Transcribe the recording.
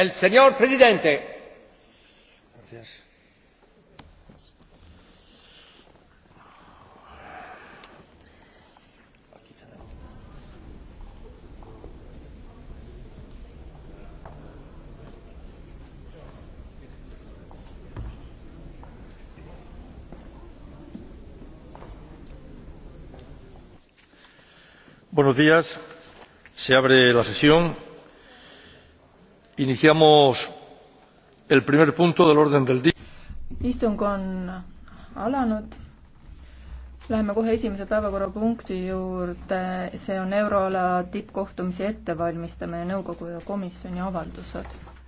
El señor presidente. Gracias. Buenos días. Se abre la sesión istung on alanud. Läheme kohe esimese päevakorrapunkti juurde, see on euroala tippkohtumise ettevalmistamine, nõukogu ja komisjoni avaldused